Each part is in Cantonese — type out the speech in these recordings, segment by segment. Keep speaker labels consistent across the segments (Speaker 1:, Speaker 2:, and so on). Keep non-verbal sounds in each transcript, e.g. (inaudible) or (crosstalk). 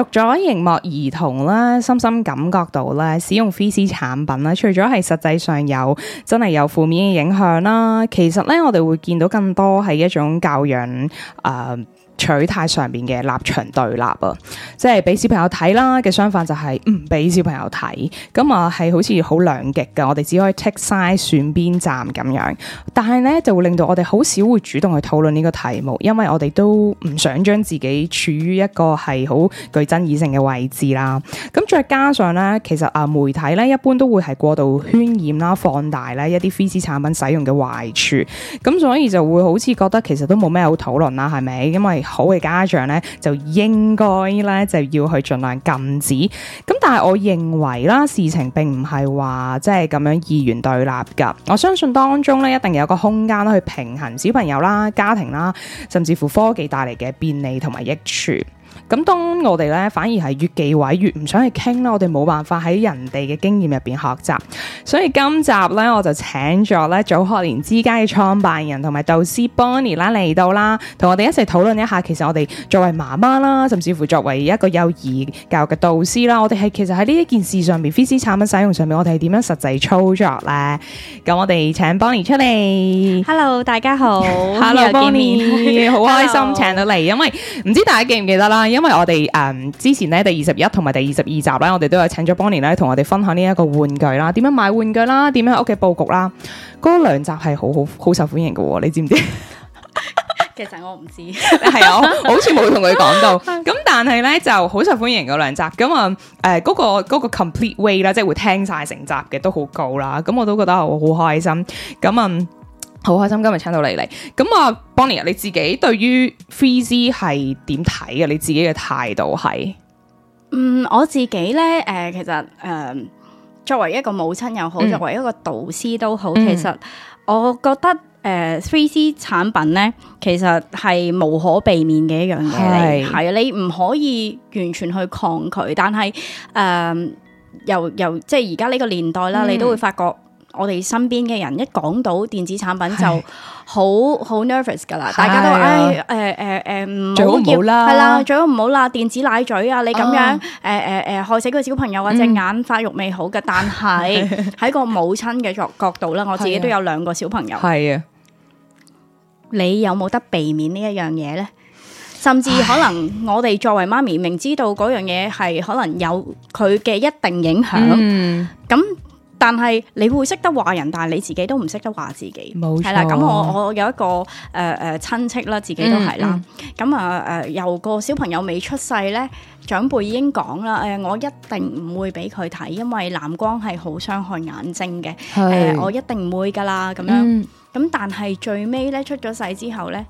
Speaker 1: 讀咗螢幕兒童啦，深深感覺到咧，使用 3C 產品咧，除咗係實際上有真係有負面嘅影響啦，其實咧，我哋會見到更多係一種教養啊，呃取態上面嘅立場對立啊，即係俾小朋友睇啦嘅相反就係唔俾小朋友睇，咁啊係好似好兩極嘅，我哋只可以 take side 選邊站咁樣。但係呢就會令到我哋好少會主動去討論呢個題目，因為我哋都唔想將自己處於一個係好具爭議性嘅位置啦。咁、嗯、再加上呢，其實啊媒體呢一般都會係過度渲染啦、放大咧一啲 3C 產品使用嘅壞處，咁、嗯、所以就會好似覺得其實都冇咩好討論啦，係咪？因為好嘅家長呢，就應該呢，就要去盡量禁止。咁但係我認為啦，事情並唔係話即係咁樣二元對立㗎。我相信當中呢，一定有個空間去平衡小朋友啦、家庭啦，甚至乎科技帶嚟嘅便利同埋益處。咁，當我哋咧，反而係越忌諱越唔想去傾啦。我哋冇辦法喺人哋嘅經驗入邊學習，所以今集咧，我就請咗咧早學年之家嘅創辦人同埋導師 Bonny 啦嚟到啦，同我哋一齊討論一下。其實我哋作為媽媽啦，甚至乎作為一個幼兒教育嘅導師啦，我哋係其實喺呢一件事上面，3C 產品使用上面，我哋係點樣實際操作咧？咁我哋請 Bonny 出嚟。Hello，大家好。Hello，Bonny，好開心請到嚟，因為唔知大家記唔記得啦。因為我哋誒、嗯、之前咧第二十一同埋第二十二集咧，我哋都有請咗 Bonny 咧，同我哋分享呢一個玩具啦，點樣買玩具啦，點樣喺屋企佈局啦，嗰、那個、兩集係好好好受歡迎嘅喎、哦，你知唔知？其實我唔知， (laughs) (laughs) 係啊，我好似冇同佢講到，咁 (laughs) 但係咧就好受歡迎嗰兩集，咁啊誒嗰個、那個、complete way 啦，即係會聽晒成集嘅都好高啦，咁我都覺得我好開心，咁啊。嗯好開心今日請到你嚟，咁啊 Bonny 你自己對於 3C 係點睇嘅？你自己嘅態度係？
Speaker 2: 嗯，我自己咧，誒、呃，其實誒、呃，作為一個母親又好，嗯、作為一個導師都好，嗯、其實我覺得誒 3C 產品咧，其實係無可避免嘅一樣嘢，係啊，你唔可以完全去抗拒，但係誒，由、呃、由即係而家呢個年代啦，嗯、你都會發覺。我哋身邊嘅人一講到電子產品就好好 nervous 噶啦，大家都話誒誒誒誒，最好唔好啦，係啦，最好唔好啦，電子奶嘴啊，你咁樣誒誒誒，害死個小朋友或者眼發育未好嘅。但係喺個母親嘅角角度啦，我自己都有兩個小朋友。係啊，你有冇得避免呢一樣嘢咧？甚至可能我哋作為媽咪，明知道嗰樣嘢係可能有佢嘅一定影響，咁。但係你會識得話人，但係你自己都唔識得話自己。冇沒錯、啊。係啦，咁我我有一個誒誒親戚啦，自己都係啦。咁啊誒，由個小朋友未出世咧，長輩已經講啦，誒、呃、我一定唔會俾佢睇，因為藍光係好傷害眼睛嘅。誒是、呃、我一定唔會噶啦。咁樣咁，嗯、但係最尾咧出咗世之後咧，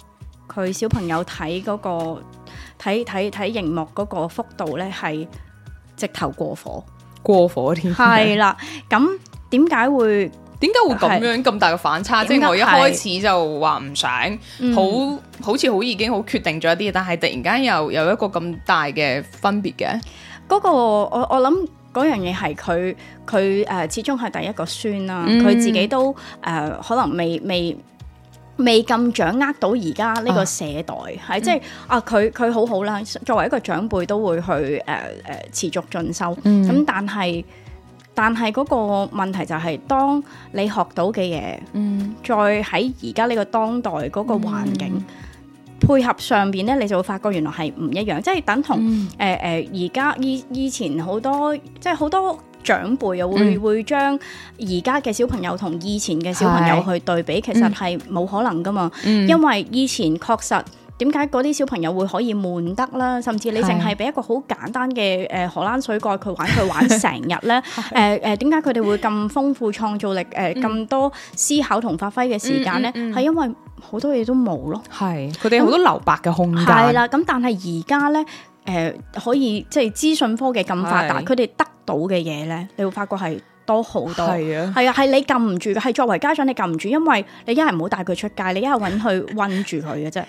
Speaker 2: 佢小朋友睇嗰、那個睇睇睇熒幕嗰個幅度咧係直頭過火。
Speaker 1: 過火添，係啦。咁點解會點解會咁樣咁是大嘅反差？即係我一開始就話唔想，嗯、好好似好已經好決定咗一啲，但係突然間又有一個咁大嘅分別嘅。嗰、嗰個我我諗嗰樣嘢係佢佢誒，始終
Speaker 2: 係第一個孫啦。佢、嗯、自己都誒、呃，可能未未。未咁掌握到而家呢個世代，係即係啊，佢佢好好啦。作為一個長輩，都會去誒誒、呃呃、持續進修。咁、嗯、但係，但係嗰個問題就係、是，當你學到嘅嘢，嗯，再喺而家呢個當代嗰個環境、嗯、配合上邊咧，你就會發覺原來係唔一樣，即、就、係、是、等同誒誒而家以以前好多，即係好多。長輩又會會將而家嘅小朋友同以前嘅小朋友去對比，是其實係冇可能噶嘛，嗯、因為以前確實點解嗰啲小朋友會可以悶得啦？甚至你淨係俾一個好簡單嘅誒、呃、荷蘭水蓋佢玩佢是玩成日咧，誒誒點解佢哋會咁豐富創造力誒咁、呃嗯、多思考同發揮嘅時間咧？係、嗯嗯嗯、因為好多嘢都冇咯，
Speaker 1: 係佢哋好多留白嘅空間。係啦、
Speaker 2: 嗯，咁但係而家咧。誒、呃、可以即係資訊科技咁發達，佢哋是得到嘅嘢咧，你會發覺係。多好多係啊，係啊，係你撳唔住嘅，係作為家長你撳唔住，因為你一係唔好帶佢出街，你一係搵佢溫住佢嘅啫，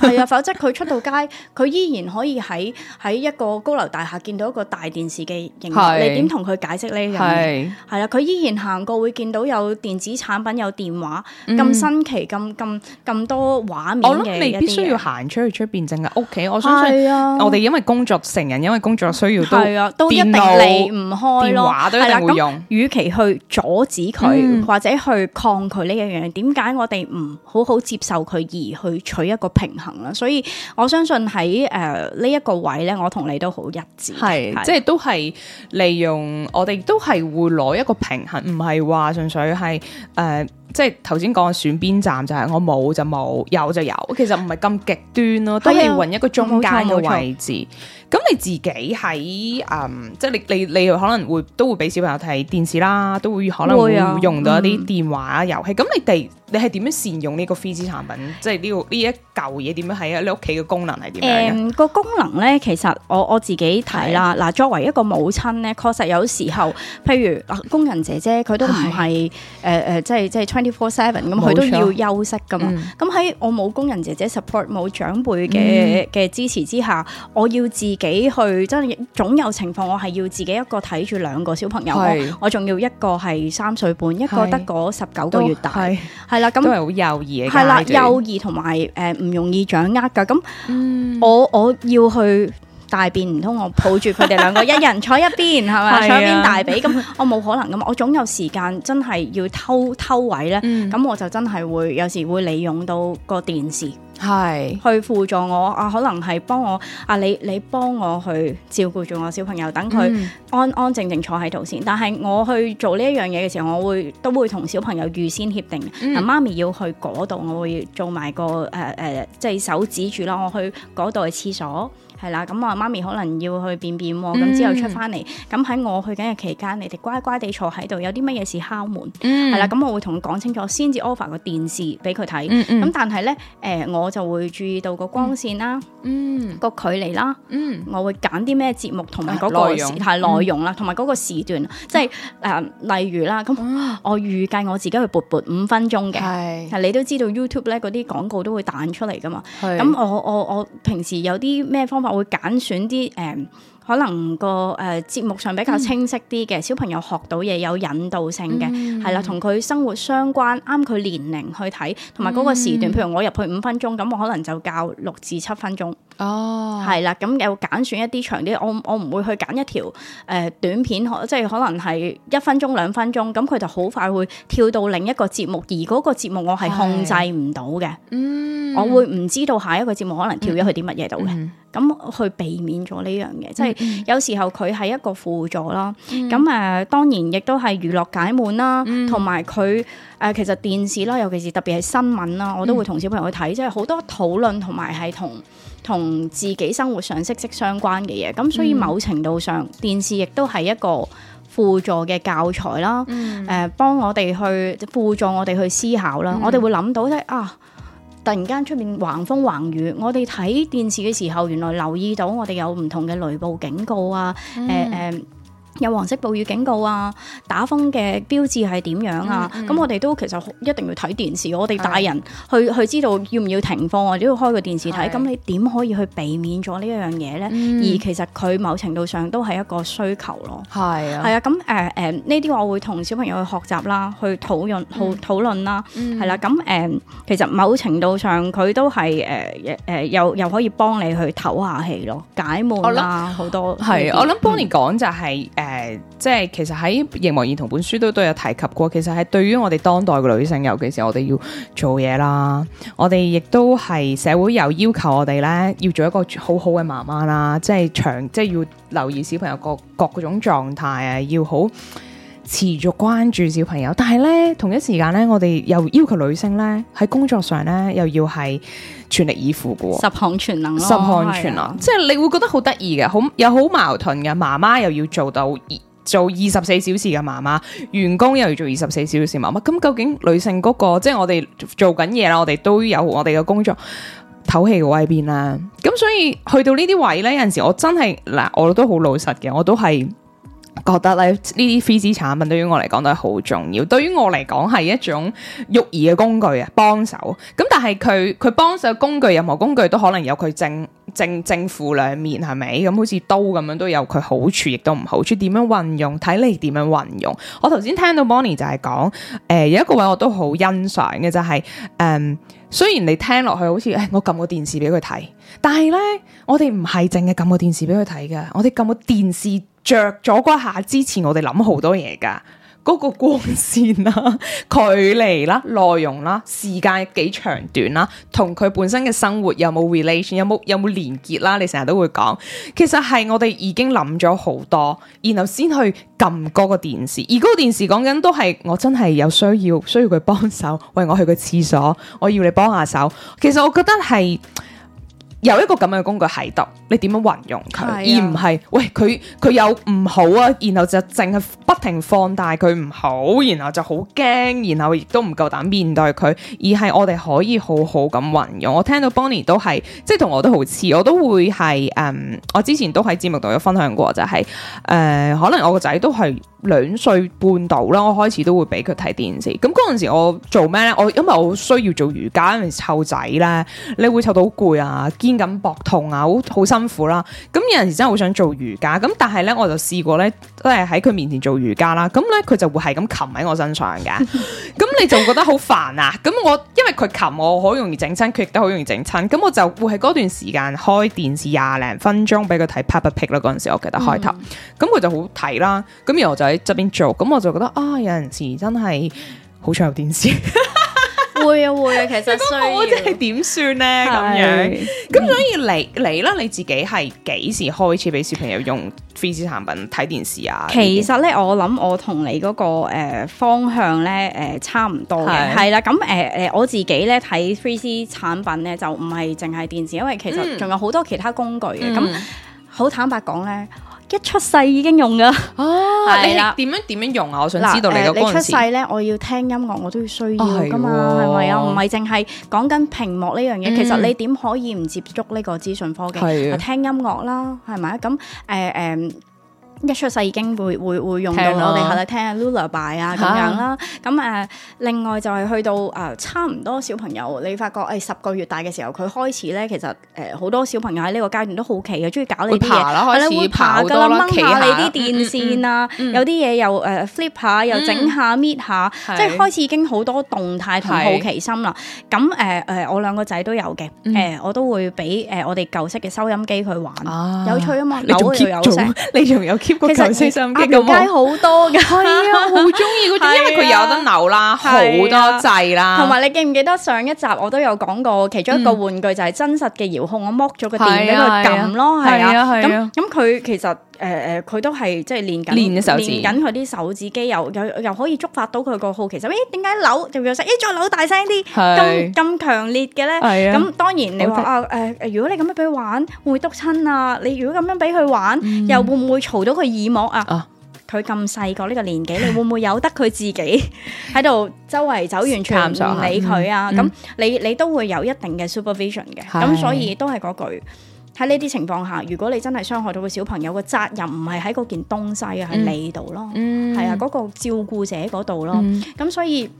Speaker 2: 係 (laughs) 啊，否則佢出到街，佢依然可以喺喺一個高樓大廈見到一個大電視嘅影，是你點同佢解釋呢？係係啦，佢、啊、依然行過會見到有電子產品有電話咁新奇咁咁咁多
Speaker 1: 畫面，我諗未必需要行出去出邊，淨係屋企，我相信、啊、我哋因為工作成人，因為工作需要，係啊，都一定離唔開咯，電話都有用。與其去
Speaker 2: 阻止佢，嗯、或者去抗拒呢一樣，點解我哋唔好好接受佢，而去取一個平衡咧？所以我相信喺誒呢一個位咧，我同你都好一致，
Speaker 1: 係，係，即係都係利用我哋都係會攞一個平衡，唔係話純粹係誒。呃即係頭先講選邊站就係我冇就冇，有就有，其實唔係咁極端咯，啊，都係搵一個中間嘅位置。咁你自己喺誒、嗯，即係你你你可能會都會俾小朋友睇電視啦，都會可能會用到一啲電話遊戲啊，遊，嗯，戲。咁你哋你係點樣善用呢個 3C 產品？即係呢，這個呢一舊嘢點樣係啊？你屋企嘅功能係點樣？
Speaker 2: 誒、嗯，個功能咧，其實我我自己睇啦。嗱的，作為一個母親咧，確實有時候，譬如工人姐姐佢都唔係誒誒，即係即係24/7咁佢都要休息噶嘛？咁喺、嗯、我冇工人姐姐 support 冇長輩嘅嘅支持之下，我要自己去真係總有情況，我係要自己一個睇住兩個小朋友，是我仲要一個係三歲半，是一個得嗰十九個月大，係啦，咁都係好幼兒，係啦，幼兒同埋誒唔容易掌握噶，咁、嗯、我我要去。大便唔通我抱住佢哋兩個， (laughs) 一人坐一邊，係咪 (laughs) 坐一邊大髀？咁 (laughs) 我冇可能噶嘛，我總有時間真係要偷偷位咧。咁、嗯、我就真係會有時會利用到個電視，係是，去輔助我啊。可能係幫我啊，你你幫我去照顧住我小朋友，等佢安安靜靜坐喺度先。嗯、但係我去做呢一樣嘢嘅時候，我會都會同小朋友預先協定，阿、嗯、媽咪要去嗰度，我會做埋個誒誒、呃呃，即係手指住啦，我去嗰度嘅廁所。係啦，咁啊媽咪可能要去便便，咁之後出翻嚟，咁喺我去緊嘅期間，你哋乖乖地坐喺度，有啲乜嘢事敲門。係啦，咁我會同佢講清楚，先至 offer 個電視俾佢睇，咁但係咧，誒我就會注意到個光線啦，嗯，個距離啦，我會揀啲咩節目同埋嗰個時，係內容啦，同埋嗰個時段，即係誒例如啦，咁我預計我自己去撥撥五分鐘嘅，係，你都知道 YouTube 咧嗰啲廣告都會彈出嚟㗎嘛，咁我我我平時有啲咩方法？我會揀選啲誒、呃，可能、個誒呃、節目上比較清晰啲嘅，嗯、小朋友學到嘢有引導性嘅，係啦、嗯，同佢生活相關，啱佢年齡去睇，同埋嗰個時段。嗯、譬如我入去五分鐘，咁我可能就教六至七分鐘。
Speaker 1: 哦，係
Speaker 2: 啦，咁又揀選一啲長啲。我我唔會去揀一條誒、呃、短片，即係可能係一分鐘、兩分鐘，咁佢就好快會跳到另一個節目，而嗰個節目我係控制唔到嘅。嗯、我會唔知道下一個節目可能跳咗去啲乜嘢度嘅。嗯咁去避免咗呢樣嘢，即係有時候佢係一個輔助啦。咁誒、嗯呃，當然亦都係娛樂解悶啦，同埋佢誒其實電視啦，尤其是特別係新聞啦，我都會同小朋友去睇，即係好多討論同埋係同同自己生活上息息相關嘅嘢。咁所以某程度上，嗯、電視亦都係一個輔助嘅教材啦。誒、嗯呃，幫我哋去輔助我哋去思考啦。嗯、我哋會諗到即啊！突然間出面橫風橫雨，我哋睇電視嘅時候，原來留意到我哋有唔同嘅雷暴警告啊！嗯呃呃有黃色暴雨警告啊！打風嘅標誌係點樣啊？咁我哋都其實一定要睇電視，我哋大人去去知道要唔要停課啊，都要開個電視睇。咁你點可以去避免咗呢一樣嘢咧？而其實佢某程度上都係一個需求咯。
Speaker 1: 係啊，係啊，
Speaker 2: 咁誒誒，呢啲我會同小朋友去學習啦，去討論討討論啦，係啦。咁誒，其實某程度上
Speaker 1: 佢都係誒誒，又又可以幫你去唞下氣咯，解悶啦，
Speaker 2: 好多。係，我諗
Speaker 1: Bonny 講就係誒。誒、呃，即係其實喺《螢火蟲》本書都都有提及過，其實係對於我哋當代嘅女性，尤其是我哋要做嘢啦，我哋亦都係社會有要求我哋咧要做一個好好嘅媽媽啦，即係長即係要留意小朋友各各嗰種狀態啊，要好。持續關注小朋友，但係咧同一時間咧，我哋又要求女性咧喺工作上咧，又要係全力以赴嘅，十項全能咯，十項全能，即係你會覺得好得意嘅，好又好矛盾嘅。媽媽又要做到做二十四小時嘅媽媽，員工又要做二十四小時媽媽。咁究竟女性嗰個即係我哋做緊嘢啦，我哋都有我哋嘅工作唞氣嘅位邊啦。咁所以去到呢啲位咧，有陣時我真係嗱，我都好老實嘅，我都係。覺得咧呢啲 3C 產品對於我嚟講都係好重要，對於我嚟講係一種育兒嘅工具啊，幫手。咁但係佢佢幫手嘅工具，任何工具都可能有佢正正正負兩面，係咪？咁好似刀咁樣都有佢好處，亦都唔好處。點樣運用，睇你點樣運用。我頭先聽到 Bonny 就係講，誒、呃，有一個位我都好欣賞嘅就係、是，誒、呃，雖然你聽落去好似誒、欸，我撳個電視俾佢睇，但係咧，我哋唔係淨係撳個電視俾佢睇嘅，我哋撳個電視。着咗嗰下，之前我，我哋諗好多嘢㗎，嗰個光線啦、啊、距離啦、啊、內容啦、啊、時間幾長短啦、啊，同佢本身嘅生活有冇 relation，有冇 rel 有冇連結啦、啊？你成日都會講，其實係我哋已經諗咗好多，然後先去撳嗰個電視，而嗰個電視講緊都係我真係有需要，需要佢幫手。喂，我去個廁所，我要你幫下手。其實我覺得係。有一個咁樣嘅工具喺度，你點樣運用佢？啊、而唔係喂佢佢有唔好啊，然後就淨係不停放大佢唔好，然後就好驚，然後亦都唔夠膽面對佢，而係我哋可以好好咁運用。我聽到 Bonny 都係，即係同我都好似，我都會係，嗯，我之前都喺節目度有分享過，就係、是、誒、呃，可能我個仔都係。兩歲半到啦，我開始都會俾佢睇電視。咁嗰陣時我做咩咧？我因為我好需要做瑜伽嗰陣時湊仔咧，你會湊到好攰啊，肩咁膊痛啊，好好辛苦啦、啊。咁有陣時真係好想做瑜伽。咁但係咧，我就試過咧，都係喺佢面前做瑜伽啦。咁咧佢就會係咁擒喺我身上噶。咁 (laughs) 你就覺得好煩啊。咁我因為佢擒我，好容易整親；佢亦都好容易整親。咁我就會喺嗰段時間開電視廿零分鐘俾佢睇 Peppa Pig 啦。陣時我記得開頭，咁佢、嗯、就好睇啦。咁而我就，喺側邊做，咁我就覺得啊，有陣時真係好彩有電視， (laughs) 會啊會啊，其實我即係點算咧？咁 (laughs) 是樣，咁所以嚟嚟啦，你自己係幾時開始俾小朋友用 3C 產品睇電視啊？其
Speaker 2: 實咧，我諗我同你嗰、嗰個誒、呃、方向咧誒、呃、差唔多嘅，係啦是。咁誒誒，我自己咧睇 3C 產品咧就唔係淨係電視，因為其實仲有好多其他工具嘅。咁好、嗯嗯、坦白講咧。一出世已經
Speaker 1: 用㗎！的你點樣點樣用啊？我想知道你個嗰陣時咧，
Speaker 2: 我要聽音樂，我都要需要㗎嘛，係咪啊？唔係淨係講緊屏幕呢樣嘢，嗯、其實你點可以唔接觸呢個資訊科技？的聽音樂啦，係咪啊？咁誒誒。呃呃一出世已經會會會用到我哋喺度聽 lullaby 啊咁樣啦，咁誒另外就係去到誒差唔多小朋友，你發覺誒十個月大嘅時候，佢開始咧，其實誒好多小朋友喺呢個階段都好奇嘅，中意搞你啲嘢啦，開始爬噶啦，掹下你啲電線啊，有啲嘢又誒 flip 下，又整下搣下，即係開始已經好多動態同好奇心啦。咁誒誒，我兩個仔都有嘅，誒我都會俾誒我哋舊式嘅收音機佢玩，有趣啊嘛，老又有趣，
Speaker 1: 你仲有？其實其實壓街好
Speaker 2: 多㗎，係啊，好中意嗰啲，因為佢有得
Speaker 1: 扭啦，好多掣啦，同埋
Speaker 2: 你記唔記得上一集我都有講過，其中一個玩具就係真實嘅遙控，我剝咗個電俾佢撳咯，係啊，咁咁佢其實。誒誒，佢都係即係練緊練緊佢啲手指肌，又又又可以觸發到佢個好奇心。誒點解扭就會有聲？誒再扭大聲啲，咁咁強烈嘅咧。咁當然你話啊誒如果你咁樣俾佢玩，會唔會督親啊？你如果咁樣俾佢玩，又會唔會嘈到佢耳膜啊？佢咁細個呢個年紀，你會唔會由得佢自己喺度周圍走完全唔理佢啊？咁你你都會有一定嘅 supervision 嘅，咁所以都係嗰句。喺呢啲情況下，如果你真係傷害到個小朋友，個責任唔係喺嗰件東西啊，喺、嗯、你度咯，係啊、嗯，嗰、嗰個照顧者嗰度咯，咁、嗯、所以。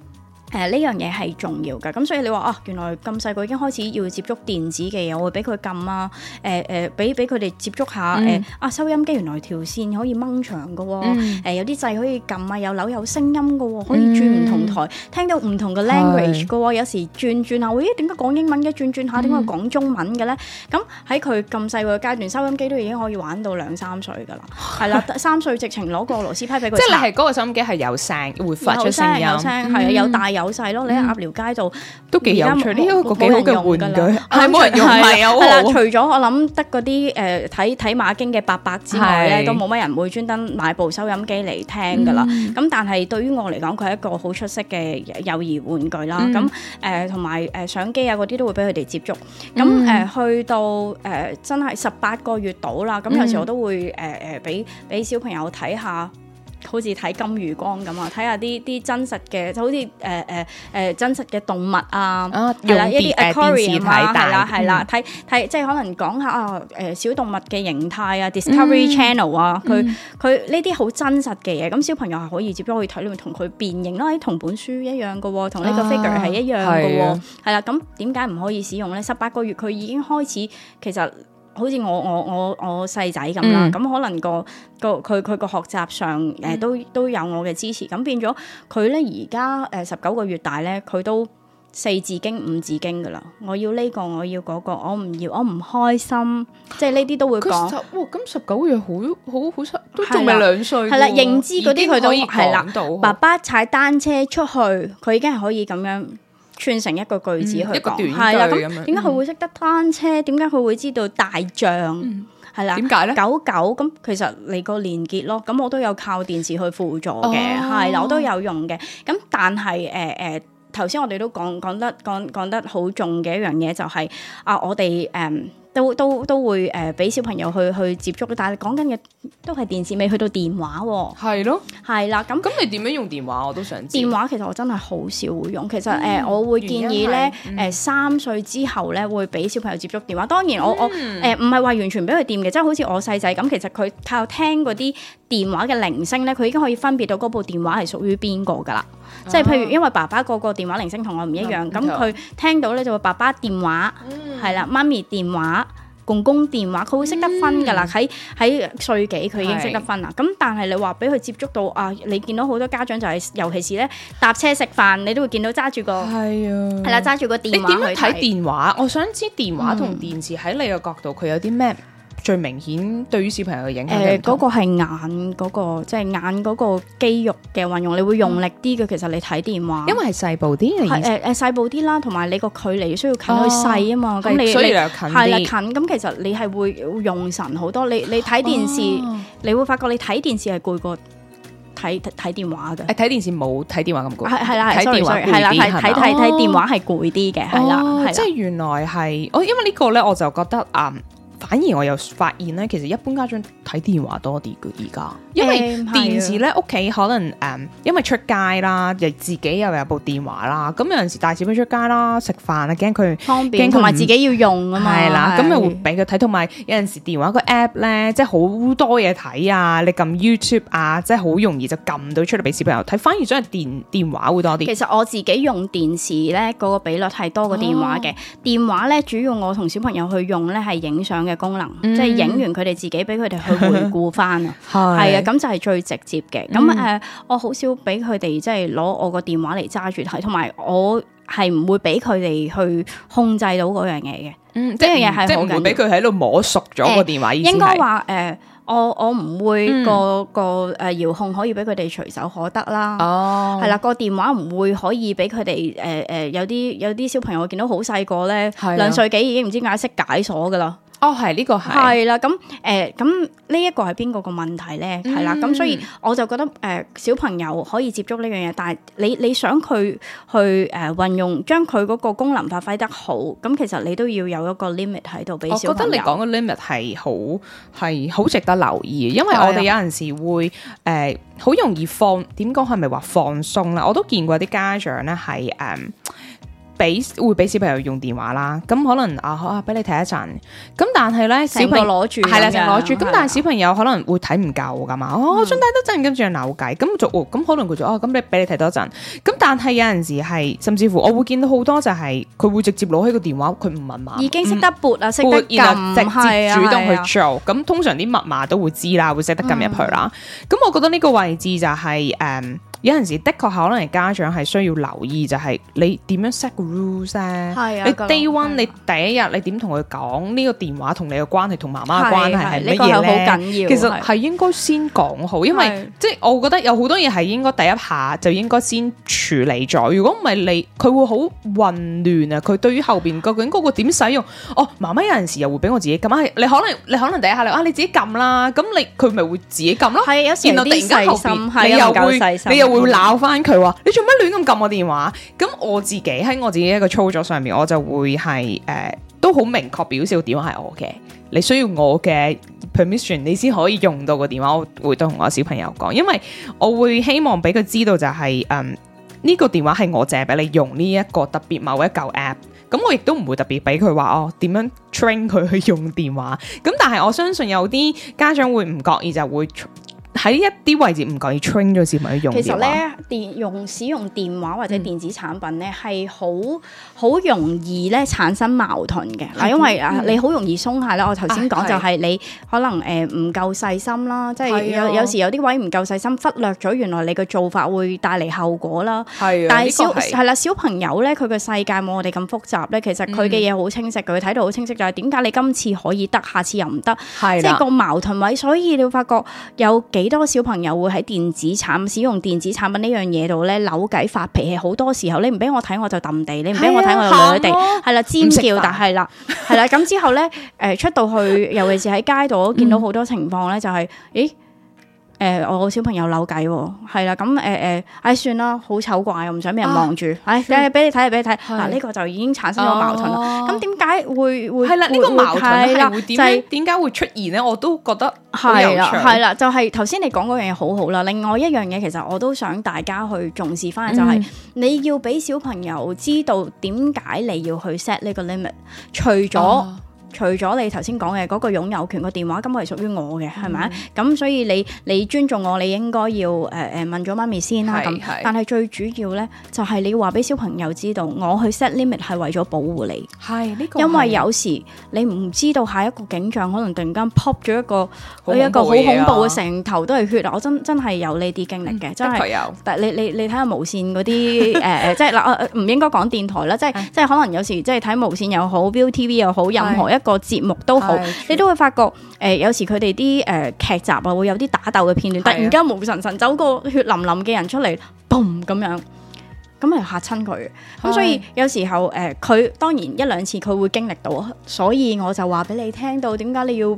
Speaker 2: 誒呢樣嘢係重要嘅，咁所以你話啊，原來咁細個已經開始要接觸電子嘅嘢，我會俾佢撳啊，誒誒，俾俾佢哋接觸下誒啊收音機，原來條線可以掹長㗎喎，有啲掣可以撳啊，有樓有聲音㗎喎，可以轉唔同台，聽到唔同嘅 language 㗎喎，有時轉轉啊，咦點解講英文嘅？轉轉下點解講中文嘅咧？咁喺佢咁細個階段，收音機都已經可以玩到兩三歲㗎啦。係啦，三歲直情攞個螺絲批俾佢。即係你係
Speaker 1: 嗰個收音機係有聲，會發出聲音，係啊，有大。
Speaker 2: 有勢咯，你喺鴨寮街度都幾有，除呢個個幾好嘅玩具，係冇人用埋啊！係啦，除咗我諗得嗰啲誒睇睇馬經嘅八伯之外咧，都冇乜人會專登買部收音機嚟聽噶啦。咁但係對於我嚟講，佢係一個好出色嘅幼兒玩具啦。咁誒，同埋誒相機啊嗰啲都會俾佢哋接觸。咁誒，去到誒真係十八個月到啦。咁有時我都會誒誒俾俾小朋友睇下。好似睇金魚缸咁啊，睇下啲啲真實嘅，就好似誒誒誒真實嘅動物啊，
Speaker 1: 係啦、啊、一啲 aquarium 係啦、啊，睇
Speaker 2: 睇、嗯、即係可能講下啊誒、呃、小動物嘅形態啊，Discovery Channel 啊，佢佢呢啲好真實嘅嘢，咁小朋友係可以接可以睇，咁同佢變形咯，同本書一樣嘅喎，同呢個 figure 係一樣嘅喎，係啦、啊，咁點解唔可以使用咧？十八個月佢已經開始其實。好似我我我我細仔咁啦，咁、嗯、可能個個佢佢個,個學習上誒都、呃、都有我嘅支持，咁、嗯、變咗佢咧而家誒十九個月大咧，佢都四字經五字經噶啦，我要呢個我要嗰個，我唔要、那個、我唔開心，即係呢啲都會講。哇！咁、哦、十九個月好
Speaker 1: 好好都仲未兩歲，係啦的認知嗰啲佢都諗到。爸
Speaker 2: 爸踩單車出去，佢已經係可以咁樣。串成一個句子，嗯、去講說，係啦咁，點解佢會識得單車？點解佢會知道大象？係啦、嗯，點解咧？狗狗咁，99，其實你個連結咯，咁我都有靠電視去輔助嘅，係啦、哦，我都有用嘅。咁但係誒誒、頭、呃、先、呃、我哋都講講得講講得好重嘅一樣嘢就係、是、啊、呃，我哋誒。呃都都都會誒俾、呃、小朋友去去接觸，但係講緊嘅都係電視，未去到電話喎。係咯，係咯啦，咁咁你點樣用電話我都想知。知。電話其實我真係好少會用，其實誒、嗯呃、我會建議咧誒三歲之後咧會俾小朋友接觸電話。當然我、嗯、我誒唔係話完全唔俾佢掂嘅，即、就、係、是、好似我細仔咁，其實佢靠聽嗰啲。電話嘅鈴聲咧，佢已經可以分別到嗰部電話係屬於邊個噶啦。哦、
Speaker 1: 即係譬如因
Speaker 2: 為爸爸個個電話鈴聲同我唔一樣，咁佢、哦、聽到咧就會爸爸電話，係啦、嗯，媽咪電話，公公電話，佢會識得分噶啦。喺喺、嗯、歲幾佢已經識得分啦。咁、嗯、但係你話俾佢接觸到啊，你見到好多家長就係、是，尤其是咧搭車食飯，你都會見到揸住個係啊，係啦，揸住個電話。你點睇電
Speaker 1: 話？我想知電話同電視喺你嘅角度佢有啲咩？嗯最明顯對於小朋友嘅影響，誒嗰個係
Speaker 2: 眼嗰個，即係眼嗰個肌肉嘅運用，你會用力啲嘅。其實你睇電話，因為
Speaker 1: 係細部啲嘅，誒
Speaker 2: 誒細部啲啦，同埋你個距離需要近去細啊嘛。咁你所以近。係啦近，咁其實你係會用神好多。你你睇電視，你會發覺你睇電視係攰過睇睇電話嘅。睇電視冇睇
Speaker 1: 電話咁攰，係係啦，係，所以係啦，睇睇睇電話係
Speaker 2: 攰啲嘅，係啦，係啦。即
Speaker 1: 係原來係，我因為呢個咧，我就覺得嗯。反而我又發現呢，其實一般家長。睇電話多啲嘅而家，因為電視咧屋企可能誒、嗯，因為出街啦，又自己又有部電話啦，咁有陣時帶小朋友出街啦，食飯啊，驚佢方便，驚同埋自己要用
Speaker 2: 啊嘛，係啦，咁又會
Speaker 1: 俾佢睇，同埋有陣時電話個 app 咧，即係好多嘢睇啊，你撳 YouTube 啊，即係好容易就撳到出嚟俾小朋友睇，反而所以電電話會多啲。其實
Speaker 2: 我自己用電視咧，嗰、嗰個比率係多過電話嘅、哦、電話咧，主要我同小朋友去用咧係影相嘅功能，即係影完佢哋自己俾佢哋去。回顧翻，係 (noise) 啊，咁 (noise) 就係最直接嘅。咁誒、嗯嗯，我好少俾佢哋即係攞我個電話嚟揸住睇，同埋、呃、我係唔會俾佢哋去控制到嗰樣嘢嘅。嗯，呢樣嘢係即係唔會俾佢
Speaker 1: 哋喺度摸熟咗個電話。應該話
Speaker 2: 誒，我我唔會個個誒遙控可以俾佢哋隨手可得啦。哦，係啦，個電話唔會可以俾佢哋誒誒，有啲有啲小朋友見到好細個咧，兩歲幾已經唔知點解識解鎖噶啦。哦，係呢、這個係係啦，咁 (noise) 誒，咁呢一個係邊個個問題咧？係、嗯、啦，咁、嗯嗯、所以我就覺得誒、呃，小朋友可以接觸呢樣嘢，但係你你想佢去誒運、呃、用，將佢嗰個功能發揮得好，咁、嗯、其實
Speaker 1: 你都要有一個 limit 喺度畀小朋友。我覺得你講個 limit 係好係好值得留意，因為我哋有陣時會誒好、呃、容易放，點講係咪話放鬆啦？我都見過啲家長咧係誒。嗯俾會俾小朋友用電話啦，咁可能啊啊，俾、啊、你睇一陣，咁但係咧，小朋友攞住係啦，成攞住，咁但係小朋友可能會睇唔夠噶嘛，的哦，想睇多陣，跟住扭計，咁就咁可能佢就哦，咁、啊啊、你俾你睇多陣，咁但係有陣時係，甚至乎我會見到好多就係、是、佢會直接攞起個電話，佢唔密碼，已
Speaker 2: 經識得撥啦，識得、嗯、直接主動去
Speaker 1: 做，咁通常啲密碼都會知啦，會識得撳入去啦，咁、嗯嗯、我覺得呢個位置就係、是、誒。Um, 有陣時，的確可能係家長係需要留意就，就係你點樣 set rules 咧？係啊，你 day one、啊、你第一日你點同佢講呢個電話同你嘅關係，同媽媽嘅關係係呢、啊呢個好緊要。其實係應該先講好，啊、因為即係我覺得有好多嘢係應該第一下就應該先處理咗。如果唔係你佢會好混亂啊！佢對於後邊究竟嗰個點使用，哦，媽媽有陣時又會俾我自己撳，係你可能你可能第一下你啊你自己撳啦，咁你佢咪會自己撳咯？係、啊、有時我突然間後又會細你又會。你又會鬧翻佢話你做乜亂咁撳我電話？咁我自己喺我自己一個操作上面，我就會係誒、呃、都好明確表示個電話係我嘅，你需要我嘅 permission，你先可以用到個電話。我會都同我小朋友講，因為我會希望俾佢知道就係嗯呢個電話係我借俾你用呢一個特別某一舊 app。咁我亦都唔會特別俾佢話哦點樣 train 佢去用電話。咁但係我相信有啲家長會唔覺意就會。喺一啲位置唔夠，train 咗市民用。其實咧，
Speaker 2: 電用使用電話或者電子產品咧，係好好容易咧產生矛盾嘅。係因為啊，你好容易鬆懈啦。我頭先講就係你可能誒唔夠細心啦，即係有有時有啲位唔夠細心，忽略咗原來你嘅做法會帶嚟後果啦。係，但係小係啦，小朋友咧佢嘅世界冇我哋咁複雜咧。其實佢嘅嘢好清晰，佢睇到好清晰就係點解你今次可以得，下次又唔得？即係個矛盾位，所以你發覺有幾。多小朋友會喺電子產品使用電子產品呢樣嘢度咧扭計發脾氣，好多時候你唔俾我睇我就掟地，啊、你唔俾我睇我就攞佢地，係啦、啊、尖叫，但係啦，係啦，咁 (laughs) 之後咧，誒、呃、出到去，尤其是喺街度，見到好多情況咧、就係，就係、嗯，誒。誒，我小朋友扭計，係啦，咁誒誒，哎算啦，好醜怪，又唔想俾人望住，唉，俾你睇就俾你睇，嗱呢個就已經產生咗矛盾啦。
Speaker 1: 咁點解會會係啦？呢個矛盾會點咧？點解會出現咧？我都覺得係啦，係啦，
Speaker 2: 就係頭先你講嗰樣嘢好好啦。另外一樣嘢，其實我都想大家去重視翻就係，你要俾小朋友知道點解你要去 set 呢個 limit，除咗。除咗你頭先講嘅嗰個擁有權個電話根本係屬於我嘅，係咪啊？咁所以你你尊重我，你應該要誒誒問咗媽咪先啦。咁，但係最主要咧，就係你話俾小朋友知道，我去 set limit 係為咗保護你。
Speaker 1: 係呢個，因為
Speaker 2: 有時你唔知道下一個景象，可能突然間 pop 咗一個有一個好恐怖嘅，成頭都係血啊！我真真係有呢啲經歷嘅，真係，但係你你你睇下無線嗰啲誒誒即係嗱，唔應該講電台啦，即係即係可能有時即係睇無線又好 ViuTV 又好，任何一一個節目都好，唉你都會發覺，誒、呃，有時佢哋啲誒劇集啊，會有啲打鬥嘅片段，是啊、突然間無神神走個血淋淋嘅人出嚟，嘣咁樣，咁咪嚇親佢。咁是、啊、所以有時候，誒、呃，佢當然一兩次佢會經歷到，所以我就話俾你聽到，點解你要？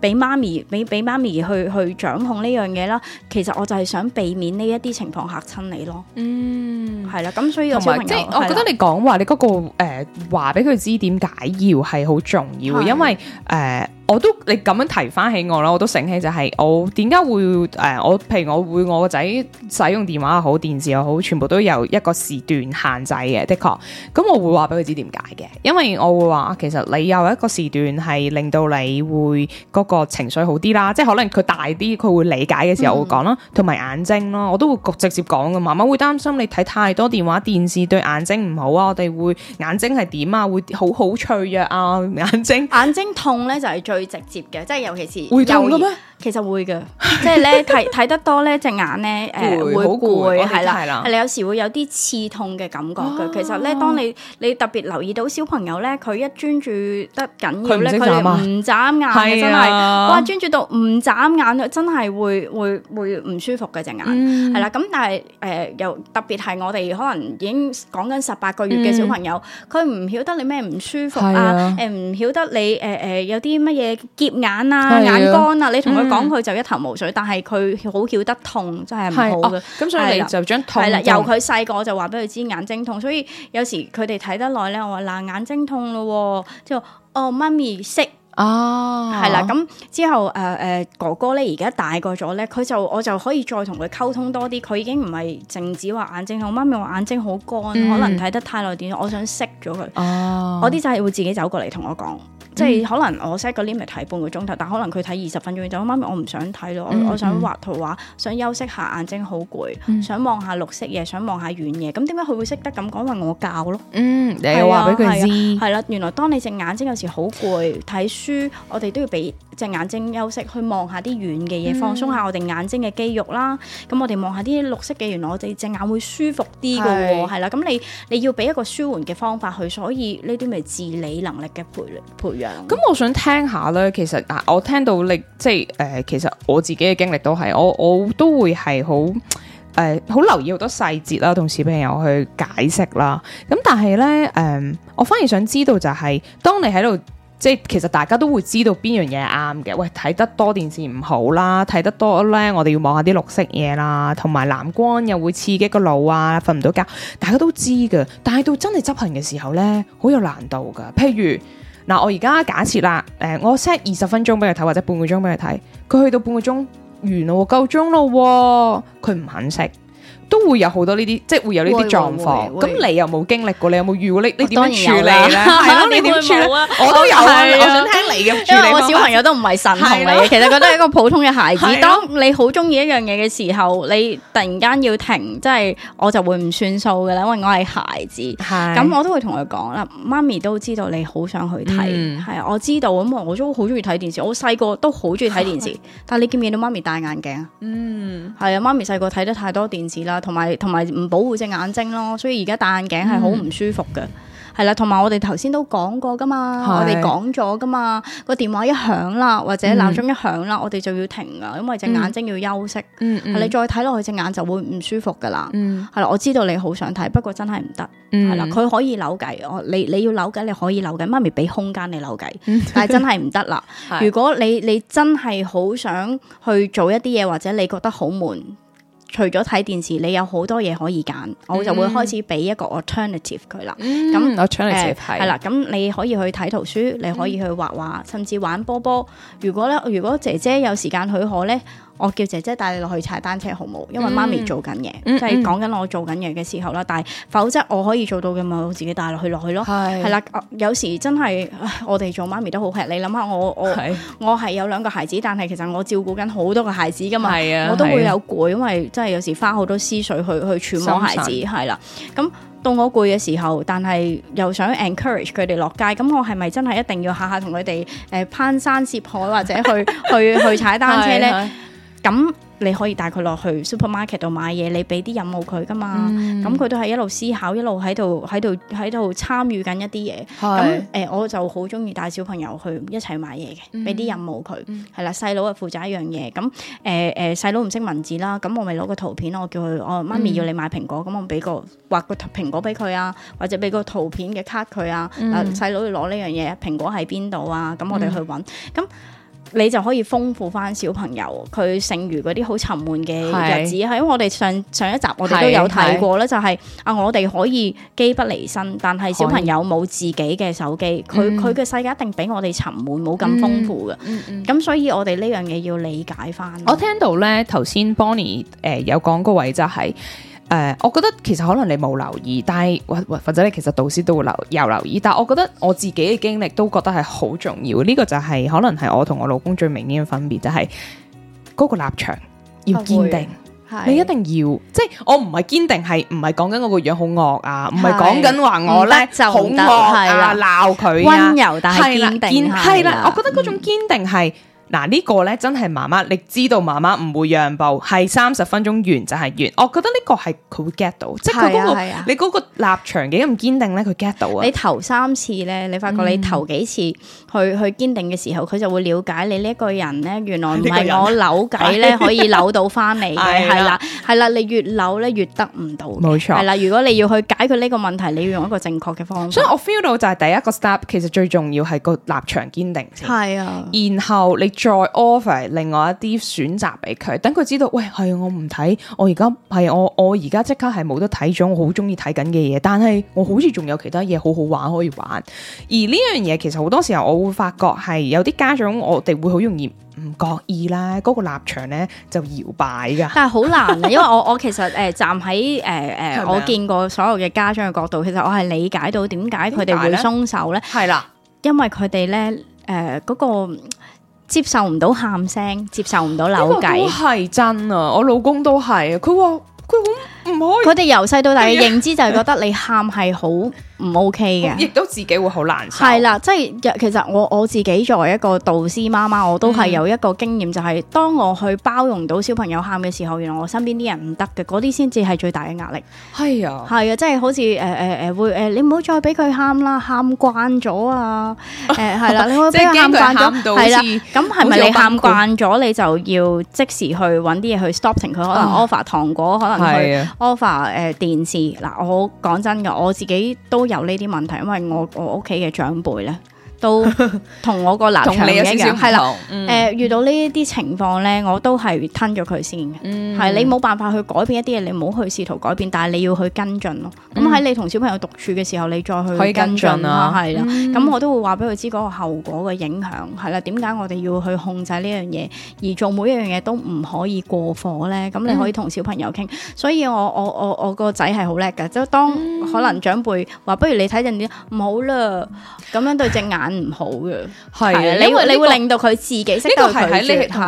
Speaker 2: 俾媽咪俾俾媽咪去去掌控呢樣嘢啦，其實我就係想避免呢一啲情況嚇親你咯。嗯，
Speaker 1: 係啦，咁所以我即係我覺得你講話你嗰個誒、話俾佢知點解要係好重要，因為誒。我都你咁樣提翻起我啦，我都醒起就係我點解會誒、呃，我譬如我會我個仔使用電話又好，電視又好，全部都有一個時段限制嘅，的確。咁我會話俾佢知點解嘅，因為我會話其實你有一個時段係令到你會嗰個情緒好啲啦，即係可能佢大啲，佢會理解嘅時候，嗯、我會講啦，同埋眼睛咯，我都會直接講噶，媽媽會擔心你睇太多電話、電視對眼睛唔好啊，我哋會眼睛係點啊，會好好，好脆弱啊眼睛，眼睛痛咧就係最最直接嘅，即係尤其是幼兒。會其實
Speaker 2: 會嘅，即係咧睇睇得多咧隻眼咧，誒會好攰係啦，係啦，係你有時會有啲刺痛嘅感覺嘅。其實咧，當你你特別留意到小朋友咧，佢一專注得緊要咧，佢唔眨眼，真係，係啊，哇專注到唔眨眼啊，真係會會會唔舒服嘅隻眼係啦。咁但係誒又特別係我哋可能已經講緊十八個月嘅小朋友，佢唔曉得你咩唔舒服啊，誒唔曉得你誒誒有啲乜嘢結眼啊、眼乾啊，你同佢。講佢就一頭霧水，但係佢好曉得痛，真係唔好嘅。咁、哦、所以了就想痛、就是。係啦，由佢細個就話俾佢知眼睛痛，所以有時佢哋睇得耐咧，我話嗱眼睛痛咯，之後哦媽咪息
Speaker 1: 哦係啦。咁
Speaker 2: 之後誒誒、呃呃、哥哥咧而家大個咗咧，佢就我就可以再同佢溝通多啲。佢已經唔係淨止話眼睛痛，媽咪話眼睛好乾，嗯、可能睇得太耐點，我想息咗佢。哦，我啲仔就係會自己走過嚟同我講。嗯、即係可能我 set 嗰啲咪睇半個鐘頭，但可能佢睇二十分鐘就。媽咪，我唔想睇咯，我想畫圖畫，嗯、想休息下眼睛好攰，嗯、想望下綠色嘢，想望下遠嘢。咁點解佢會識得咁講話我教咯？嗯，你話俾佢知。係啦、啊啊啊，原來當你隻眼睛有時好攰睇書，我哋都要俾。隻眼睛休息，去望下啲遠嘅嘢，嗯、放鬆下我哋眼睛嘅肌肉啦。咁、嗯、我哋望下啲綠色嘅，原來我哋隻眼會舒服啲㗎喎。係啦是，咁你你要俾一個舒緩嘅方法去，所以呢啲咪自理能力嘅培培養。
Speaker 1: 咁、嗯、我想聽下咧，其實啊，我聽到你即係誒、呃，其實我自己嘅經歷都係，我我都會係好誒，好、呃、留意好多細節啦，同小朋友去解釋啦。咁但係咧，誒、呃，我反而想知道就係、是，當你喺度。即係其實大家都會知道邊樣嘢係啱嘅，喂睇得多電視唔好啦，睇得多咧我哋要望下啲綠色嘢啦，同埋藍光又會刺激個腦啊，瞓唔到覺，大家都知㗎。但係到真係執行嘅時候咧，好有難度㗎。譬如嗱，我而家假設啦，誒我 set 二十分鐘俾佢睇或者半個鐘俾佢睇，佢去到半個鐘完咯，夠鐘咯，佢唔肯食。都會有好多呢啲，即係會有呢啲狀況。咁你又冇經歷過？你有冇遇過？你你點樣處理咧？係咯，你點處理咧？我都有，我想聽你嘅。因為我小朋友都唔係神童嚟嘅，其實覺得係一個普通嘅孩
Speaker 2: 子。當你好中意一樣嘢嘅時候，你突然間要停，即係我就會唔算數嘅咧。因為我係孩子，咁我都會同佢講啦。媽咪都知道你好想去睇，係我知道咁，我都好中意睇電視。我細個都好中意睇電視，但你見唔見到媽咪戴眼鏡啊？嗯，係啊，媽咪細個睇得太多電視啦。同埋同埋唔保護隻眼睛咯，所以而家戴眼鏡係好唔舒服嘅，係啦、嗯。同埋我哋頭先都講過噶嘛，是的 我哋講咗噶嘛。個電話一響啦，或者鬧鐘一響啦，我哋就要停啊，因為隻眼睛要休息。嗯、你再睇落去，隻眼就會唔舒服噶啦。嗯，係啦，我知道你好想睇，不過真係唔得。嗯，係啦，佢可以扭計，我你你要扭計，你可以扭計。媽咪俾空間你扭計，但係真係唔得啦。如果你你真係好想去做一啲嘢，或者你覺得好悶。除咗睇電視，你有好多嘢可以揀，嗯、我就會開始俾一個 alternative 佢啦。咁 alternative 係係啦，咁你可以去睇圖書，嗯、你可以去畫畫，甚至玩波波。如果咧，如果姐姐有時間許可咧。我叫姐姐帶你落去踩單車，好冇？因為媽咪做緊嘢，即係講緊我做緊嘢嘅時候啦。嗯嗯，但係否則我可以做到嘅，咪我自己帶落去落去咯。係啦是的、呃，有時真係我哋做媽咪都好吃。你諗下，我是的 我我係有兩個孩子，但係其實我照顧緊好多個孩子噶嘛。係啊，我都會有攰，因為真係有時花好多思緒去去揣摩孩子。係啦心神，咁到我攰嘅時候，但係又想 encourage 佢哋落街，咁我係咪真係一定要下下同佢哋誒攀山涉海或者去 (laughs) 去去踩單車咧？ (laughs) 咁你可以帶佢落去 supermarket 度買嘢，你俾啲任務佢噶嘛？咁佢、嗯、都係一路思考，一路喺度喺度喺度參與緊一啲嘢。咁誒是、呃，我就好中意帶小朋友去一齊買嘢嘅，俾啲任務佢。係啦、嗯，細佬啊負責一樣嘢。咁誒誒，細佬唔識文字啦，咁我咪攞個圖片咯，我叫佢，我媽咪要你買蘋果，咁、嗯、我俾個畫個蘋果俾佢啊，或者俾個圖片嘅卡佢、嗯、啊，細佬要攞呢樣嘢，蘋果喺邊度啊？咁我哋去搵咁。嗯你就可以豐富翻小朋友佢剩餘嗰啲好沉悶嘅日子，係是因為我哋上上一集我哋都有睇過咧，就係、是、啊，我哋可以機不離身，但係小朋友冇自己嘅手機，佢佢嘅世界一定比我哋沉悶，
Speaker 1: 冇咁、嗯、豐富嘅。咁、嗯
Speaker 2: 嗯嗯、所以我哋呢樣嘢要理解翻。
Speaker 1: 我聽到咧頭先 Bonny、呃、有講嗰位就係。誒，uh, 我覺得其實可能你冇留意，但係或或者你其實導師都會留有留意，但係我覺得我自己嘅經歷都覺得係好重要。呢、這個就係、是、可能係我同我老公最明顯嘅分別，就係、是、嗰個立場要堅定，你一定要，是即係我唔係堅定，係唔係講緊我個樣好惡啊？唔係講緊話我咧就好惡啊，鬧佢溫柔但係堅定，係啦，我覺得嗰種堅定係。嗯嗱呢個咧真係媽媽，你知道媽媽唔會讓步，係三十分鐘完就係完。我覺得呢個係佢會 get 到，即係佢嗰個、啊、你嗰個立場幾咁堅定咧，佢 get 到啊！啊你
Speaker 2: 頭三次咧，你發覺你頭幾次去、嗯、去,去堅定嘅時候，佢就會了解你呢一個人咧，原來唔係我扭計咧、啊、 (laughs) 可以扭到翻嚟嘅，係啦、 (laughs) 啊。係啦，你越扭咧越得唔到。冇錯，係啦。如果你要去解決呢個問題，你要用一個正確嘅方法。 (laughs) 所
Speaker 1: 以我 feel 到就係第一個 step，其實最重要係個立場堅定先。係啊，然後你再 offer 另外一啲選擇俾佢，等佢知道，喂，係啊，我唔睇，我而家係我我而家即刻係冇得睇咗，我好中意睇緊嘅嘢，但係我好似仲有其他嘢好好玩可以玩。而呢樣嘢其實好多時候，我會發覺係有啲家長，我哋會好容易。.唔覺意啦，嗰、那個立場咧就搖擺噶。 (laughs) 但
Speaker 2: 係好難啊，因為我我其實誒、呃、站喺誒誒我見過所有嘅家長嘅角度，其實我係理解到點解佢哋會鬆手咧。係啦，因為佢哋咧誒嗰個接受唔到喊聲，接受唔到扭計。係真啊，我老公都係，佢話佢好。唔可以，佢哋由細到大嘅認知就係覺得你喊係好唔 OK 嘅，亦
Speaker 1: 都自己會好難受。係
Speaker 2: 啦，即係其實我我自己作為一個導師媽媽，我都係有一個經驗，嗯、就係當我去包容到小朋友喊嘅時候，原來我身邊啲人唔得嘅，嗰啲先至係最大嘅壓力。係啊，係、呃呃呃、啊，即係好似誒誒誒會誒，你唔 (laughs) 好再俾佢喊啦，喊慣咗啊，誒係啦，你會俾佢喊慣咗係啦。咁係咪你喊慣咗，你就要即時去搵啲嘢去 stopping 佢，可能 offer 糖果，嗯、可能係 off 啊、er, 誒、呃、電視嗱，我講真嘅，我自己都有呢啲問題，因為我我屋企嘅長輩呢，都 (laughs) 同我個立場有少少唔同，誒遇到呢啲情況咧，我都係吞咗佢先嘅。嗯，係你冇辦法去改變一啲嘢，你唔好去試圖改變，但係你要去跟進咯、啊。咁喺、嗯、你同小朋友獨處嘅時候，你再去可以跟進啊，係、啊、啦。咁、嗯、我都會話俾佢知嗰個後果嘅影響係啦。點解我哋要去控制呢樣嘢，而做每一樣嘢都唔可以過火咧？咁你可以同小朋友傾。所以我我我我個仔係好叻㗎，就當可能長輩話、嗯、不如你睇陣啲，唔好啦，咁樣對隻眼。 (laughs)
Speaker 1: 唔好嘅，係啊的，你會、呢個、你會令到佢自己識到。喺你同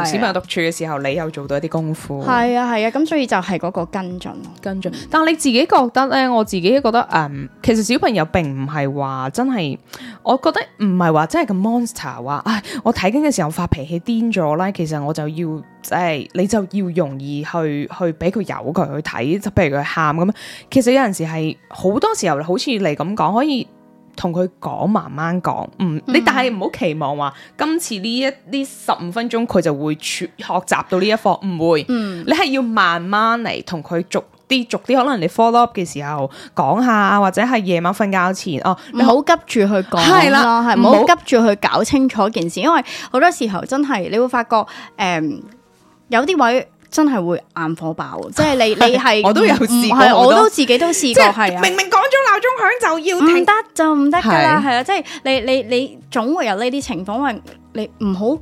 Speaker 1: 小朋友獨處嘅時候，的你又做到一啲功夫。係
Speaker 2: 啊係啊，咁所以就係嗰個跟進，跟進。
Speaker 1: 但係你自己覺得咧，我自己覺得，嗯，其實小朋友並唔係話真係，我覺得唔係話真係個 monster。話，唉，我睇緊嘅時候發脾氣癲咗咧，其實我就要，即係你就要容易去去俾佢由佢去睇，就譬如佢喊咁。其實有陣時係好多時候，好似你咁講可以。同佢講，慢慢講，唔、嗯、你，但係唔好期望話今次呢一，呢十五分鐘佢就會學學習到呢一課。唔會，嗯、你係要慢慢嚟，同佢逐啲逐啲，可能你 follow up 嘅時候講下，或者係夜晚瞓覺前哦，你唔好急住去講啦，係唔好急
Speaker 2: 住去搞清楚件事，因為好多時候真係你會發覺誒、嗯，有啲位。真係會眼火爆，即係你是你係我都有試過，唔係我都自己都試過，即係明明
Speaker 1: 講咗鬧鐘響就要停，唔
Speaker 2: 得就唔得噶，係啦，即係你你你總會有呢啲情況，你唔好。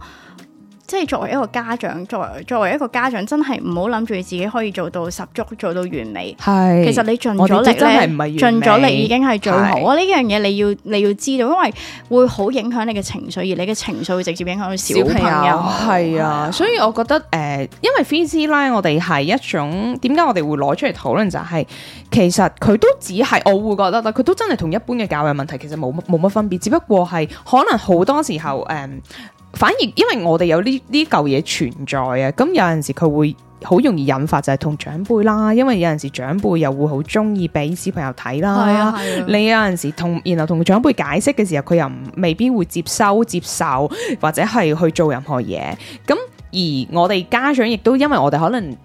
Speaker 2: 即係作為一個家長，作為作為一個家長，真係唔好諗住自己可以做到十足，做到完美。係是，其實你盡咗力咧，盡咗力，力已經係最好。呢樣嘢你要你要知道，因為會好影響你嘅情緒，而你嘅情緒會直接影響到小朋友。係、
Speaker 1: 哦、啊，所以我覺得誒、呃，因為 face 我哋係一種點解我哋會攞出嚟討論就係、是，其實佢都只係我會覺得佢都真係同一般嘅教育問題其實冇冇乜分別，只不過係可能好多時候誒。嗯嗯反而，因為我哋有呢呢嚿嘢存在啊，咁有陣時佢會好容易引發就係同長輩啦，因為有陣時長輩又會好鍾意俾小朋友睇啦。係啊、哎呀，你有陣時同然後同長輩解釋嘅時候，佢又未必會接收、接受或者係去做任何嘢。咁而我哋家長亦都因為我哋可能，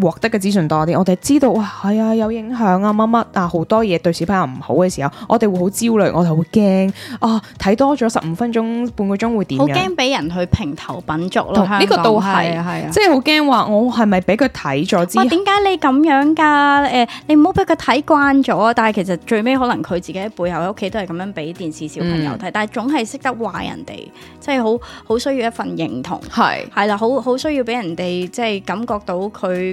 Speaker 1: 獲得嘅資訊多啲，我哋知道哇，係、哎、啊，有影響啊，乜乜啊，好多嘢對小朋友唔好嘅時候，我哋會好焦慮，我哋會驚啊，睇多咗十五分鐘、半個鐘會點？好驚
Speaker 2: 俾人去評頭品足咯，呢到港個都係係啊，啊即係
Speaker 1: 好驚話我係咪俾佢睇咗之後？哇，點解你咁樣㗎、啊？誒、呃，你唔好俾佢睇
Speaker 2: 慣咗啊！但係其實最尾可能佢自己喺背後屋企都係咁樣俾電視小朋友睇，嗯、但係總係識得話人哋，即係好好需要一份認同，係係啦，好好需要俾人哋即係感覺到佢。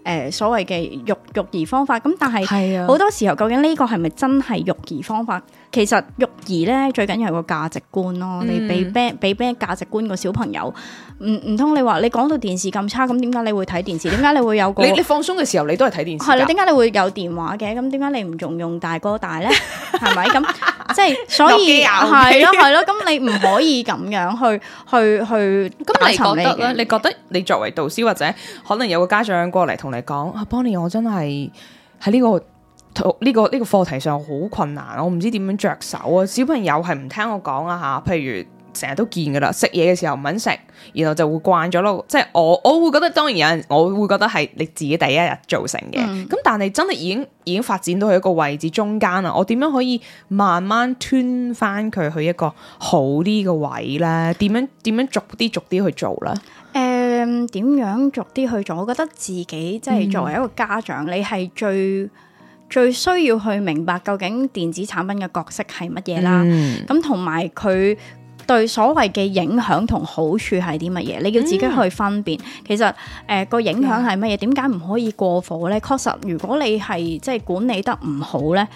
Speaker 2: 誒、呃、所謂嘅育育兒方法，咁但係好是、啊、多時候，究竟呢個係咪真係育兒方法？其實育兒咧最緊要係個價值觀咯，嗯、你俾咩俾咩價值觀個小朋友？唔唔通你話你講到電視咁差，咁點解你會睇電視？點解你會有個你，你
Speaker 1: 放鬆嘅時候你都係睇電視？係啦？點解
Speaker 2: 你會有電話嘅？咁點解你唔仲用大哥大咧？係咪咁？即係、 (laughs) 就是、所以機機係咯，係咯，咁 (laughs) 你唔可以咁樣去去 (laughs) (laughs) 去。咁你，你覺得你
Speaker 1: 覺得你作為導師或者可能有個家長過嚟同？嚟講啊 Bonny 我真係喺呢個呢、呢個呢、呢個課題上好困難，我唔知點樣着手啊。小朋友係唔聽我講啊吓，譬如成日都見噶啦，食嘢嘅時候唔肯食，然後就會慣咗咯。即係我我會覺得，當然有人我會覺得係你自己第一日造成嘅。咁、嗯、但係真係已經已經發展到去一個位置中間啦。我點樣可以慢慢吞翻佢去一個好啲嘅位咧？點樣點樣逐啲逐啲去做啦？
Speaker 2: 嗯，點樣逐啲去做？我覺得自己即係作為一個家長，嗯、你係最最需要去明白究竟電子產品嘅角色係乜嘢啦。咁同埋佢對所謂嘅影響同好處係啲乜嘢？嗯、你要自己去分辨。其實誒個、呃、影響係乜嘢？點解唔可以過火呢？確實，如果你係即係管理得唔好呢，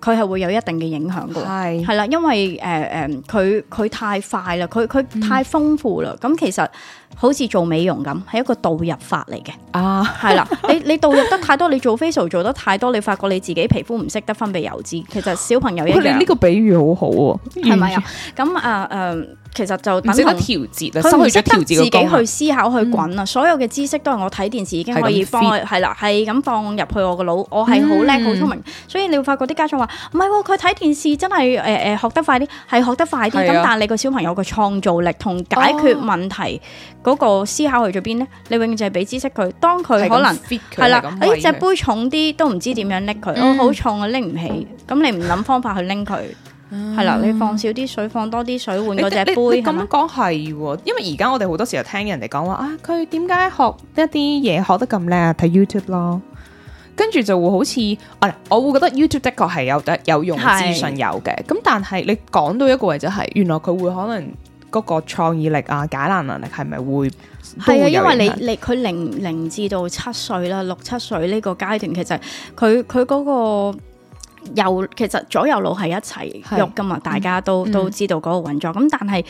Speaker 2: 佢係會有一定嘅影響㗎。係係啦，因為誒誒，佢、呃、佢、呃、太快啦，佢佢太豐富啦。咁其實。好似做美容咁，係一個導入法嚟嘅。啊，係啦，你你導入得太多，你做 facial 做得太多，你發覺你自己皮膚唔識得分泌油脂。其實小朋友一，一哋呢
Speaker 1: 個比喻好好啊，
Speaker 2: 係咪啊？咁誒誒，其實就等調節，佢識得，得自己去思考去滾啊。嗯、所有嘅知識都係我睇電視已經可以放，係啦、嗯，係咁放入去我個腦。我係好叻，好聰、嗯、明。所以你會發覺啲家長話唔係，佢睇、哦、電視真係誒誒學得快啲，係學得快啲。咁、嗯、但係你個小朋友個創造力同解決問題。哦嗰個思考去咗邊呢？你永遠就係俾知識佢，當佢的可能係啦。他的哎，隻杯重啲都唔知點樣拎佢，好、嗯哦、重啊拎唔起。咁你唔諗方法去拎佢，係啦、嗯。你放少
Speaker 1: 啲水，放多啲水換嗰隻杯。你咁講係喎，嗎因為而家我哋好多時候聽人哋講話啊，佢點解學一啲嘢學得咁叻？睇 YouTube 咯，跟住就會好似啊，我會覺得 YouTube 的確係有得有用資訊有嘅。咁的但係你講到一個位置就係、是，原來佢會可能。嗰個創意力啊，解難能力係咪會係啊？因為你你
Speaker 2: 佢零零至到七歲啦，六七歲呢個階段，其實佢佢嗰個右其實左右腦係一齊喐㗎嘛，係大家都、嗯、都知道嗰個運作。咁、嗯、但係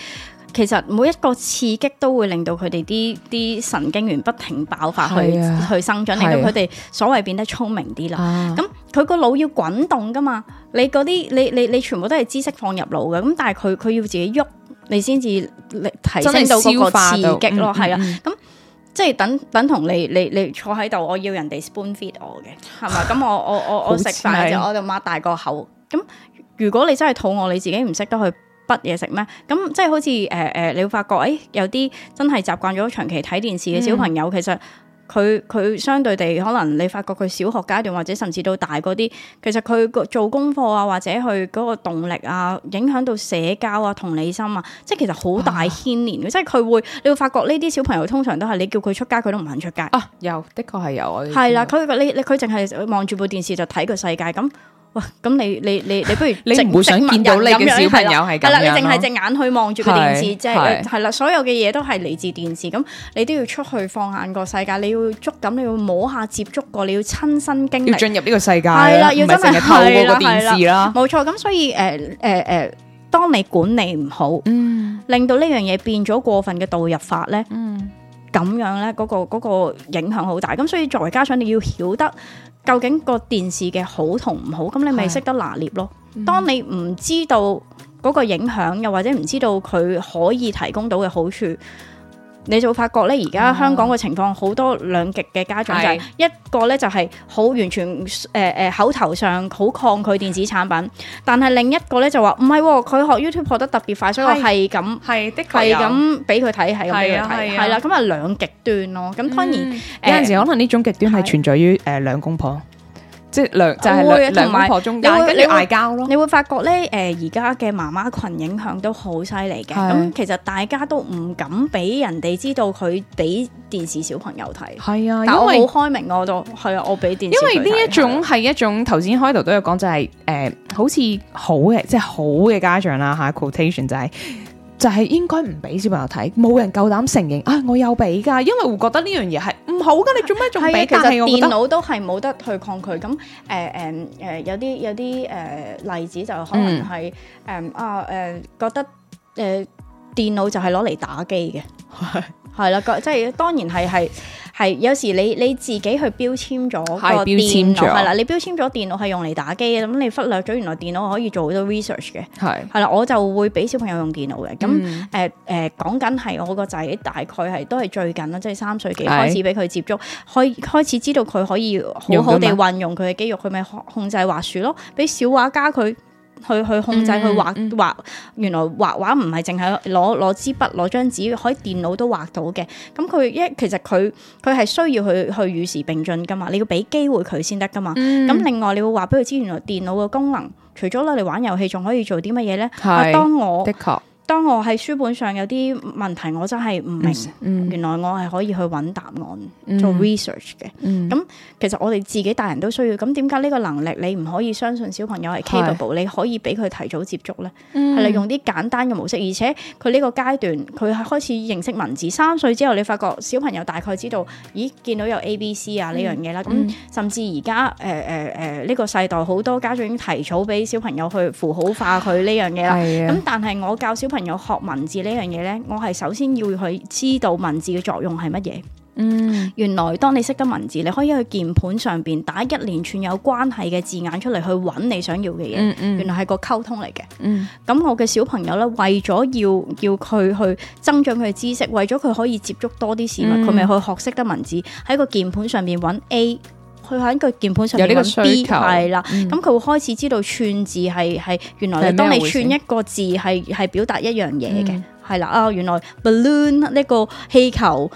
Speaker 2: 其實每一個刺激都會令到佢哋啲啲神經元不停爆發去，去、啊、去生長，令到佢哋所謂變得聰明啲啦。咁佢個腦要滾動㗎嘛？你嗰啲你你你、你全部都係知識放入腦嘅，咁但係佢佢要自己喐。你先至力提升到個刺激咯，係啊。咁即係等等同你你你坐喺度，我要人哋 spoon feed 我嘅，係嘛？咁、啊、我我我我食飯嘅時候，我就擘大個口。咁、嗯嗯、如果你真係肚餓，你自己唔識得去揀嘢食咩？咁即係好似誒誒，你會發覺誒有啲真係習慣咗長期睇電視嘅小朋友，其實、嗯。佢佢相對地可能你發覺佢小學階段或者甚至到大嗰啲，其實佢做功課啊或者佢嗰個動力啊，影響到社交啊、同理心啊，即係其實好大牽連嘅。啊、即係佢會，你會發覺呢啲小朋友通常都係你叫佢出街佢都唔肯出街啊。有，的確係有。係啦，佢你佢淨係望住部電視就睇個世界咁。哇！咁你你你你不如你唔會想見到你嘅小朋友係啦，你淨係隻眼去望住個電視，即係，係啦，所有嘅嘢都係嚟自電視。咁你都要出去放眼個世界，你要觸感，你要摸下接觸過，你要親身經歷。要進入呢個
Speaker 1: 世界，係啦，要真係透過個電視啦。
Speaker 2: 冇錯，咁所以誒誒誒，當你管理唔好，令到呢樣嘢變咗過分嘅導入法咧。咁樣咧，嗰個嗰個影響好大，咁所以作為家長，你要曉得究竟個電視嘅好同唔好，咁你咪識得拿捏咯。嗯、當你唔知道嗰個影響，又或者唔知道佢可以提供到嘅好處。你就會發覺咧，而家香港嘅情況好多兩極嘅家長，就係一個咧，就係好完全誒誒口頭上好抗拒電子產品，是的 但係另一個咧就話唔係喎，佢學 YouTube 學得特別快，的所以我係咁係的確係咁俾佢睇，係咁樣睇，係啦，咁啊兩極端，咯，咁當然、嗯呃、有陣時
Speaker 1: 可能呢種極端係存在於誒兩公婆。的即係兩，就係兩兩婆中間，跟住
Speaker 2: 嗌交咯。你會發覺咧，誒而家嘅媽媽群影響都好犀利嘅。咁其實大家都唔敢俾人哋知道佢俾電視小朋友睇。係啊，但係好開明，我就係啊，我俾電視。因為呢一種
Speaker 1: 係一種頭先開頭都有講，就係誒好似好嘅，即係好嘅家長啦吓。Quotation 就係。就係應該唔俾小朋友睇，冇人夠膽承認啊、哎！我有俾噶，因為會覺得呢樣嘢係唔好噶，啊、你做咩仲俾？其實電,電腦
Speaker 2: 都係冇得去抗拒咁，誒誒誒，有啲有啲誒例子就可能係誒啊誒，覺得誒、呃、電腦就係攞嚟打機嘅。 (laughs) 係啦，即係 (noise) 當然係係係，有時你你自己去標籤咗個電腦，係啦，你標籤咗電腦係用嚟打機嘅，咁你忽略咗原來電腦可以做好多 research 嘅，係係啦， (noise) (noise) 嗯嗯、我就會俾小朋友用電腦嘅，咁誒誒，講緊係我個仔大概係都係最近啦，即係三歲幾開始俾佢接觸，的可以開始知道佢可以好好地運用佢嘅肌肉，佢咪控制滑鼠咯，俾小畫家佢。去去控制佢畫畫，原來畫畫唔係淨係攞攞支筆攞張紙，可以電腦都畫到嘅。咁佢一其實佢佢係需要去去與時並進噶嘛，你要俾機會佢先得噶嘛。咁、嗯、另外你會話俾佢知原來電腦嘅功能，除咗啦你玩遊戲，仲可以做啲乜嘢咧？係是、啊、當我的確。當我喺書本上有啲問題，我真係唔明，嗯、原來我係可以去揾答案、嗯、做 research 嘅。咁、嗯、其實我哋自己大人都需要，咁點解呢個能力你唔可以相信小朋友係 capable？是你可以俾佢提早接觸呢？係啦、嗯，用啲簡單嘅模式，而且佢呢個階段佢係開始認識文字。三歲之後你發覺小朋友大概知道，咦見到有 A、啊、B、嗯、C 啊呢樣嘢啦。咁、嗯、甚至而家誒誒誒呢個世代好多家長已經提早俾小朋友去符號化佢呢樣嘢啦。咁 (laughs) 但係我教小。小朋友學文字呢樣嘢呢，我係首先要去知道文字嘅作用係乜嘢。嗯，原來當你識得文字，你可以去鍵盤上邊打一連串有關係嘅字眼出嚟，去揾你想要嘅嘢。原來係個溝通嚟嘅。嗯，咁、嗯、我嘅小朋友呢，為咗要要佢去增長佢嘅知識，為咗佢可以接觸多啲事物，佢咪、嗯、去學識得文字喺個鍵盤上面揾 A。佢喺個鍵盤上邊搵 B，係啦，咁佢的、嗯、會開始知道串字係係，原來當你串一個字係係表達一樣嘢嘅，係啦啊，原來 balloon 呢個氣球，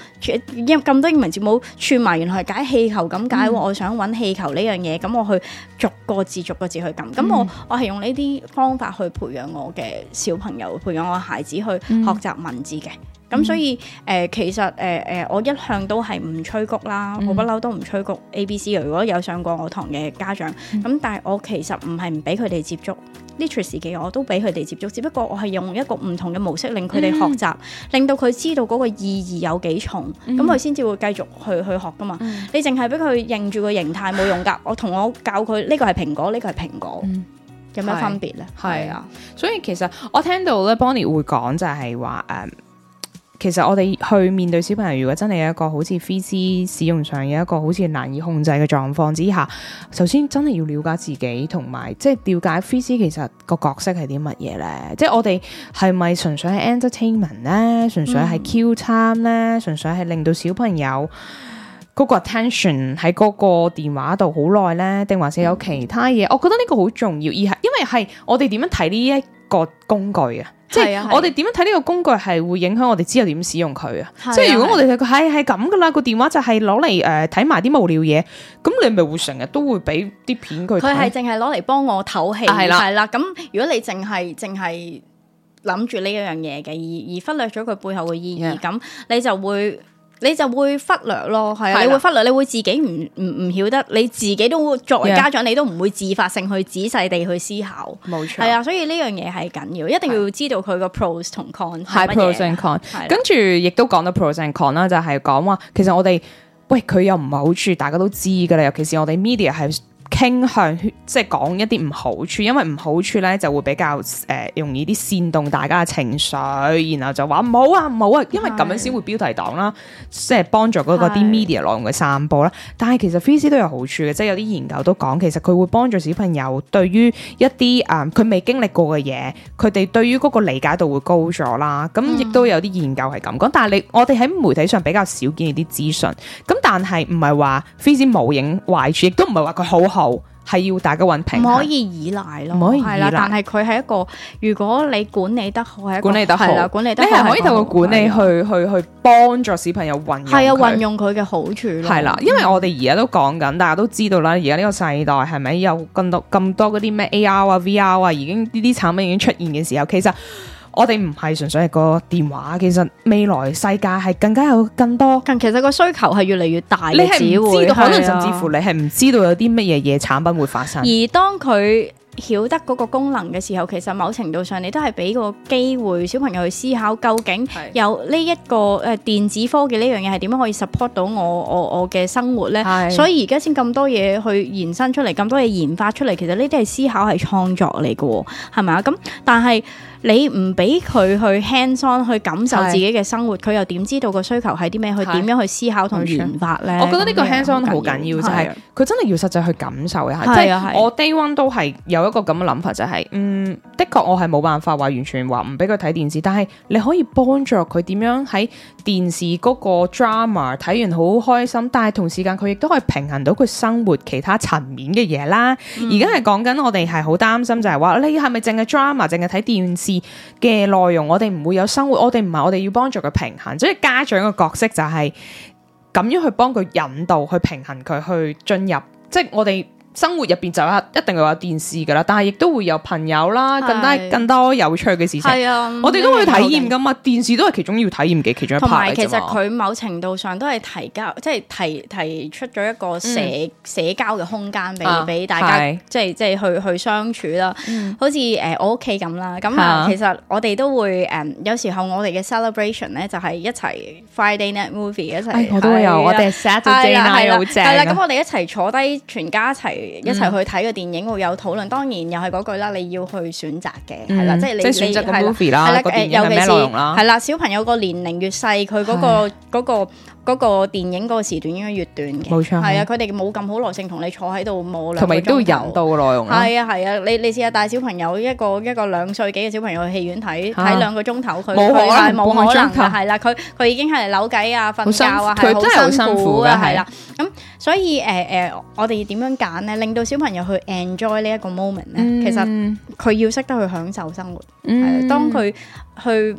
Speaker 2: 因為咁多英文字母串埋，原來係解氣球咁解。嗯、我想搵氣球呢樣嘢，咁我去逐個字逐個字去撳，咁、嗯、我我係用呢啲方法去培養我嘅小朋友，培養我孩子去學習文字嘅。嗯嗯。咁所以誒，其實誒誒，我一向都係唔吹谷啦，我不嬲都唔吹谷 A、B、C。如果有上過我堂嘅家長，咁但係我其實唔係唔俾佢哋接觸 literacy 嘅，我都俾佢哋接觸，只不過我係用一個唔同嘅模式令佢哋學習，令到佢知道嗰個意義有幾重，咁佢先至會繼續去去學㗎嘛。你淨係俾佢認住個形態冇用㗎，我同我教佢呢個係蘋果，呢個係蘋果，有咩分別咧？係
Speaker 1: 啊，所以其實我聽到咧 Bonny 會講就係話誒。其實我哋去面對小朋友，如果真係有一個好似 3C 使用上有一個好似難以控制嘅狀況之下，首先真係要了解自己，同埋即係了解 3C 其實個角色係啲乜嘢呢？即係我哋係咪純粹係 entertainment 呢？純粹係 Q time 呢？純、嗯、粹係令到小朋友嗰個 attention 喺嗰個電話度好耐呢？定還是有其他嘢？嗯、我覺得呢個好重要，而係因為係我哋點樣睇呢一個工具啊？即係我哋點樣睇呢個工具係會影響我哋之後點使用佢是啊？即係如果我哋睇佢係係咁噶啦，個電話就係攞嚟，誒睇埋啲無聊嘢，咁你咪會成日都會俾啲片佢。佢係
Speaker 2: 淨係攞嚟幫我唞氣係啦係啦。咁的如果你淨係淨係諗住呢一樣嘢嘅，而而忽略咗佢背後嘅意義，咁的你就會。你就會忽略咯，係啊，你會忽略，你會自己唔唔唔曉得，你自己都作為家長，你都唔會自發性去仔細地去思考。
Speaker 1: 冇錯，係啊，
Speaker 2: 所以呢樣嘢係緊要，一定要知道佢個 pr pros 同 cons 係 pros and cons，跟
Speaker 1: 住亦都講到 pros and cons 啦，就係講話其實我哋喂佢又唔係好處，大家都知噶啦，尤其是我哋 media 係。傾向即係講一啲唔好處，因為唔好處咧就會比較誒、呃、容易啲煽動大家嘅情緒，然後就話唔好啊唔好啊，因為咁樣先會標題黨啦，的即係幫助嗰個啲 media 內容嘅散播啦。的但係其實 freeze 都有好處嘅，即係有啲研究都講，其實佢會幫助小朋友對於一啲啊佢未經歷過嘅嘢，佢哋對於嗰個理解度會高咗啦。咁亦都有啲研究係咁講，嗯、但係你我哋喺媒體上比較少見一啲資訊，咁但係唔係話 freeze 冇影壞處，亦都唔係話佢好。係要大家穩平衡，唔可以
Speaker 2: 依賴咯，係啦。但係佢係一個，如果你管理得好，係管理得好，管理得好，你可以透過管理的去
Speaker 1: 去去幫助小朋友運用，係啊，運
Speaker 2: 用佢嘅好處咯。係啦，因
Speaker 1: 為我哋而家都講緊，大家都知道啦，而家呢個世代係咪有咁多咁多嗰啲咩 AR 啊 VR 啊，已經呢啲產品已經出現嘅時候，其實。我哋唔係純粹係個電話，其實未來世界係更加有更多。但其實個需求係越嚟越大，你係唔知道是、啊、可能甚至乎你係唔知道有啲乜嘢嘢產品會發生。而
Speaker 2: 當佢曉得嗰個功能嘅時候，其實某程度上你都係俾個機會小朋友去思考，究竟有呢一個誒電子科技呢樣嘢係點樣可以 support 到我我我嘅生活咧？是啊、所以而家先咁多嘢去延伸出嚟，咁多嘢研發出嚟，其實呢啲係思考係創作嚟㗎，係咪啊？咁但係。你唔俾佢去 hands on 去感受自己嘅生活，佢是的 又點知道個需求係啲咩？去點是的 樣去
Speaker 1: 思考同研發呢？我覺得呢個 hands on 好緊要，就係、是、佢真係要實際去感受一下。即係我 day one 都係有一個咁嘅諗法，就係、是、嗯，的確我係冇辦法話完全話唔俾佢睇電視，但係你可以幫助佢點樣喺。電視嗰個 drama 睇完好開心，但係同時間佢亦都可以平衡到佢生活其他層面嘅嘢啦。而家係講緊我哋係好擔心就，就係話你係咪淨係 drama，淨係睇電視嘅內容？我哋唔會有生活，我哋唔係我哋要幫助佢平衡，所以家長嘅角色就係、係、咁樣去幫佢引導，去平衡佢去進入，即係我哋。生活入邊就一一定係有電視噶啦，但係亦都會有朋友啦，更多更多有趣嘅事情。我哋都會體驗噶嘛，電視都係其中要體驗嘅其中一 part 嚟嘅啫。同埋其實佢
Speaker 2: 某程度上都係提高，即係提提出咗一個社社交嘅空間俾俾大家，即係即係去去相處啦。好似誒我屋企咁啦，咁其實我哋都會誒有時候我哋嘅 celebration 咧就係一齊 Friday night movie 一齊。我都有，我哋 set 咗好正。係啦，咁我哋一齊坐低，全家一齊。一齊，去睇個電影，嗯、會有討論，當然又係嗰句啦，你要去選擇嘅係啦，即係你選擇係啦，尤其是係啦，小朋友個年齡越細，佢嗰個個。的嗰個電影嗰個時段應該越短嘅，冇錯。係啊，佢哋冇咁好耐性同你坐喺度冇兩個鐘，同埋都要有
Speaker 1: 到內容啦。係啊
Speaker 2: 係啊，你你試下帶小朋友一個一個兩歲幾嘅小朋友去戲院睇睇兩個鐘頭佢佢係冇可能係啦，佢佢已經係扭計啊瞓覺啊，係好辛苦啊係啦。咁所以誒誒，我哋點樣揀呢？令到小朋友去 enjoy 呢一個 moment 呢，其實佢要識得去享受生活，係當佢去，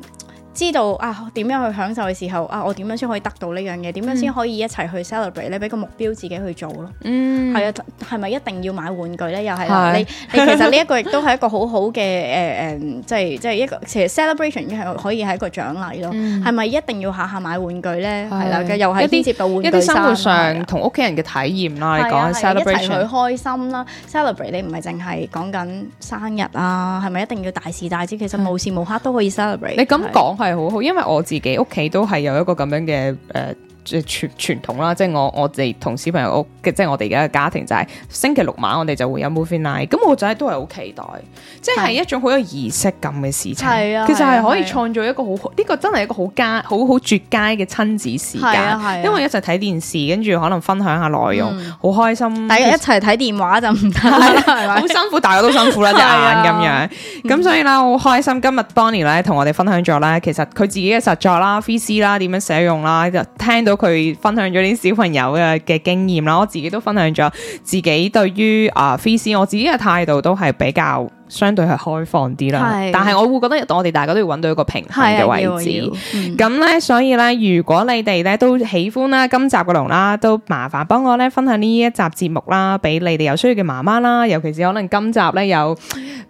Speaker 2: 知道啊，點樣去享受嘅時候啊，我點樣先可以得到呢樣嘢？點樣先可以一齊去 celebrate 咧？俾個目標自己去做咯。嗯，係啊，係咪一定要買玩具咧？又係你你其實呢一個亦都係一個好好嘅，誒誒，即係即係一個其實 celebration 係可以係一個獎勵咯。係咪一定要下下買玩具咧？係啦，又係一啲接到玩具生日，一啲生活上
Speaker 1: 同屋企人嘅體驗啦。你講 celebrate 一齊去
Speaker 2: 開心啦！celebrate 你唔係淨係講緊生日啊，係咪一定要大時大節？其實無時無刻都可以 celebrate。你咁講
Speaker 1: 係。係好好，因為我自己屋企都係有一個咁樣嘅誒。呃即係傳，傳統啦，即係我我哋同小朋友，屋，即係我哋而家嘅家庭就係星期六晚，我哋就會有 movie night。咁我仔都係好期待，是即係一種好有儀式感嘅事情。啊啊、其實係可以創造一個好呢、啊啊、個真係一個好佳好好絕佳嘅親子時間，啊啊、因為一齊睇電視，跟住可能分享下內容，好、嗯、開心。但係一齊睇電話就唔得，好、 (laughs) 啊、 (laughs) 辛苦，大家都辛苦啦，就係咁樣。咁、嗯、所以啦，我好開心，今日 Bonny 咧同我哋分享咗咧，其實佢自己嘅實作啦、3C 啦、點樣使用啦，聽到。佢分享咗啲小朋友嘅經驗啦，我自己都分享咗自己對於啊 3C，呃、3C，我自己嘅態度都係比較。相對係開放啲啦，但係我會覺得我哋大家都要揾到一個平衡嘅位置。咁呢，所以呢，如果你哋呢都喜歡啦，今集嘅龍啦，都麻煩幫我呢分享呢一集節目啦，俾你哋有需要嘅媽媽啦，尤其是可能今集呢，有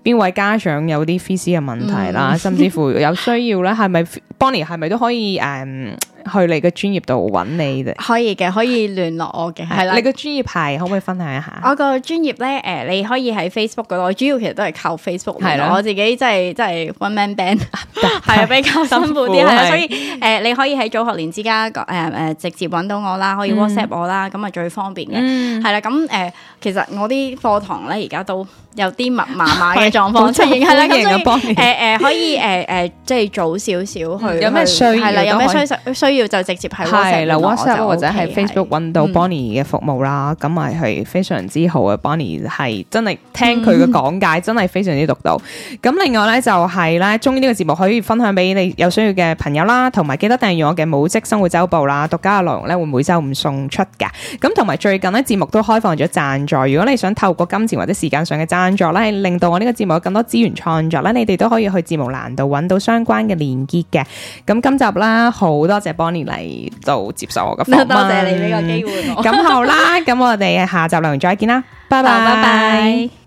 Speaker 1: 邊位家長有啲 3C 嘅問題啦，甚至乎有需要呢係咪 Bonny 係咪都可以誒去你嘅專業度揾你哋？可
Speaker 2: 以嘅，可以聯絡我嘅，係啦。你嘅
Speaker 1: 專業牌可唔可以分享一下？我
Speaker 2: 個專業呢，誒，你可以喺 Facebook 嗰度，主要其實都係溝。Facebook 係咯，我自己即係即係 one man band，係啊，比較辛苦啲啊。所以誒，你可以喺早學年之家誒誒直接揾到我啦，可以 WhatsApp 我啦，咁啊最方便嘅係啦。咁誒，其實我啲課堂咧而家都有啲密麻麻嘅狀況出現，係啦。咁。誒誒，可以誒誒，即係早少少去。有咩需要係啦？有咩需需要就直接係 WhatsApp 我或者係 Facebook
Speaker 1: 揾到 Bonnie 嘅服務啦。咁啊係非常之好啊！Bonnie 係真係聽佢嘅講解，真係非常之獨到，咁另外咧就係、是、咧，中意呢個節目可以分享俾你有需要嘅朋友啦，同埋記得訂閱我嘅《母職生活周報》啦，獨家嘅內容咧會每周五送出嘅。咁同埋最近咧節目都開放咗讚助，如果你想透過金錢或者時間上嘅讚助咧，令到我呢個節目有更多資源創作咧，你哋都可以去節目欄度揾到相關嘅鏈接嘅。咁今集啦，好多謝 Bonny 嚟到接受我嘅訪問，多謝你呢個機會。咁 (laughs) 好啦，咁我哋下集內容再見啦，拜拜拜拜。